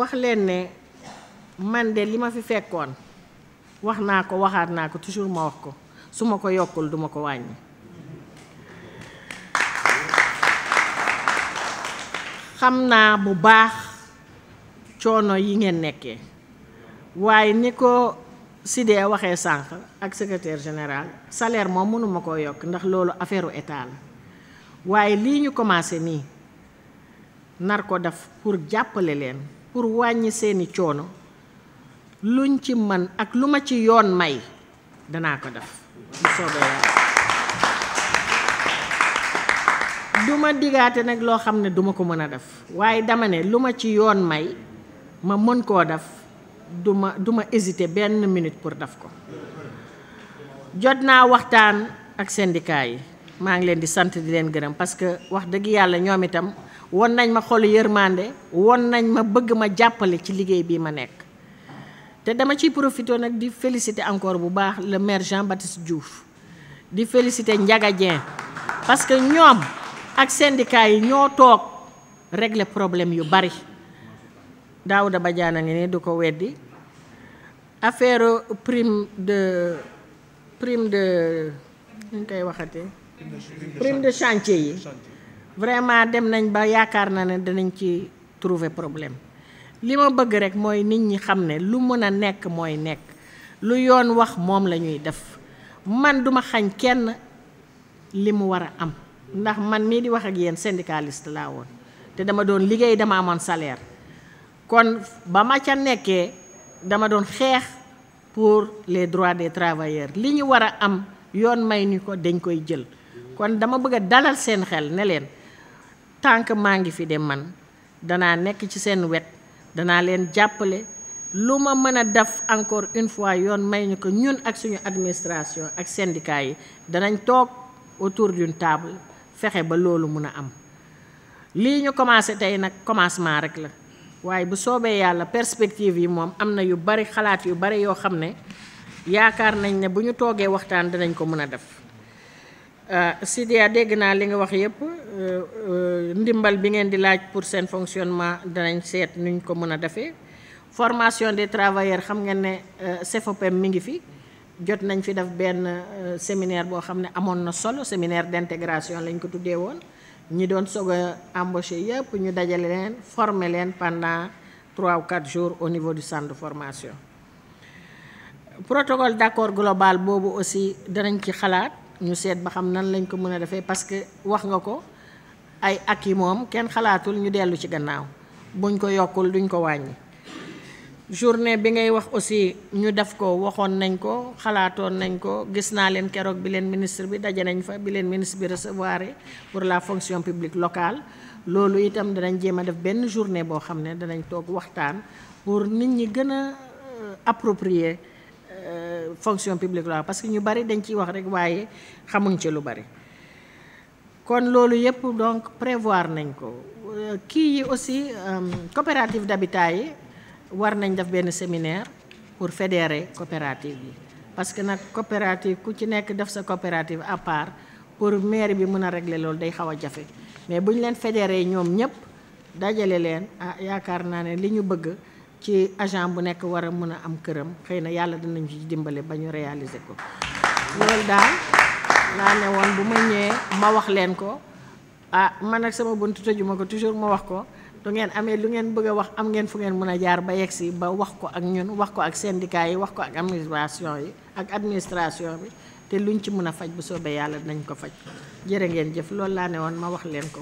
wax leen ne man de li ma fi fekkoon wax naa ko waxaat naa ko toujours ma wax ko su ma ko yokkul duma ko wàññi xam naa bu baax coono yi ngeen nekkee waaye ni ko Sidé waxee sànq ak secretaire général salaire moom mënuma koo yokk ndax loolu affaire u la waaye lii ñu commencé nii nar ko def pour jàppale leen pour wàññi seeni coono luñ ci man ak lu ma ci yoon may danaa ko def bu soobee Yàlla duma digaate nag loo xam ne duma ko mën a def waaye dama ne lu ma ci yoon may ma mën koo def duma duma hésiter benn minute pour def ko jot naa waxtaan ak syndicat yi maa ngi leen di sant di leen gërëm parce que wax dëgg yàlla ñoom itam won nañ ma xolu yërmande won nañ ma bëgg ma jàppale ci liggéey bii ma nekk te dama ciy profité nag di féliciter encore bu baax le maire Jean-Baptiste Diouf di féliciter Ndiaga Dieng parce que ñoom ak syndicat yi ñoo toog régler problème yu bari Daouda Badiane ngi ni du ko weddi affaire prime de prime de ñu koy waxatee prime de chantier yi vraiment dem nañ ba yaakaar na ne danañ ci trouver problème li ma bëgg rek mooy nit ñi xam ne lu mën a nekk mooy nekk lu yoon wax moom la ñuy def man duma xañ kenn li mu war a am ndax man mii di wax ak yéen syndicaliste laa woon te dama doon liggéey dama amoon salaire kon ba ma ca nekkee dama doon xeex pour les droits des travailleurs li ñu war a am yoon may ni ko dañ koy jël kon dama bëgg dalal seen xel ne leen tant que maa ngi fi de man danaa nekk ci seen wet danaa leen jàppale lu ma mën a def encore une fois yoon may ñu ko ñun ak suñu administration ak syndicat yi danañ toog autour d'une table fexe ba loolu mun a am lii ñu commencé tey nag commencement rek la waaye bu soobee yàlla perspective yi moom am na yu bari xalaat yu bari yoo xam ne yaakaar nañ ne bu ñu toogee waxtaan danañ ko mën a def euh, Sidia dégg naa li nga wax yépp Euh, euh, ndimbal bi ngeen di laaj pour seen fonctionnement danañ seet nuñ ko mën a defee formation des travailleurs xam ngeen ne CFOPEM euh, mi ngi fi jot nañ fi def benn séminaire boo xam ne amoon na solo séminaire d'intégration lañ ko tuddee woon ñi doon soog a embauché yëpp ñu dajale leen former leen pendant trois ou quatre jours au niveau du centre de formation protocole d'accord global boobu aussi danañ ci xalaat ñu seet ba xam nan lañ ko mën a defee parce que wax nga ko ay ak yi moom kenn xalaatul ñu dellu ci gannaaw buñ ko yokkul duñ ko wàññi journée bi ngay wax aussi ñu def ko waxoon nañ ko xalaatoon nañ ko gis naa leen keroog bi leen ministre bi daje nañ fa bi leen ministre bi recevoir pour la fonction publique local loolu itam danañ jéem a def benn journée boo xam ne danañ toog waxtaan pour nit ñi gën a euh, approprier euh, fonction publique locale parce que ñu bari dañ ciy wax rek waaye xamuñ ci lu bari kon loolu yëpp donc prévoir nañ ko euh, kii yi aussi euh, coopérative d'habitat yi war nañ def benn séminaire pour fédérer coopérative yi parce que nag coopérative ku ci nekk def sa coopérative à part pour maire bi mun a régler loolu day xaw a jafe mais bu ñu leen fédérer ñoom ñëpp dajale leen ah yaakaar naa ne li ñu bëgg ci agent bu nekk war a mën a am këram xëy na yàlla dinañ ci dimbale ba ñu réaliser ko loolu daal laa ne woon bu ma ñëwee ma wax leen ko ah man ak sama buntu tëjuma ko toujours ma wax ko du ngeen amee lu ngeen bëgg a wax am ngeen fu ngeen mën a jaar ba yegg si ba wax ko ak ñun wax ko ak syndicat yi wax ko ak administration yi ak administration bi te luñ ci mën a faj bu soobee yàlla dinañ ko faj jëre ngeen jëf loolu laa ne woon ma wax leen ko.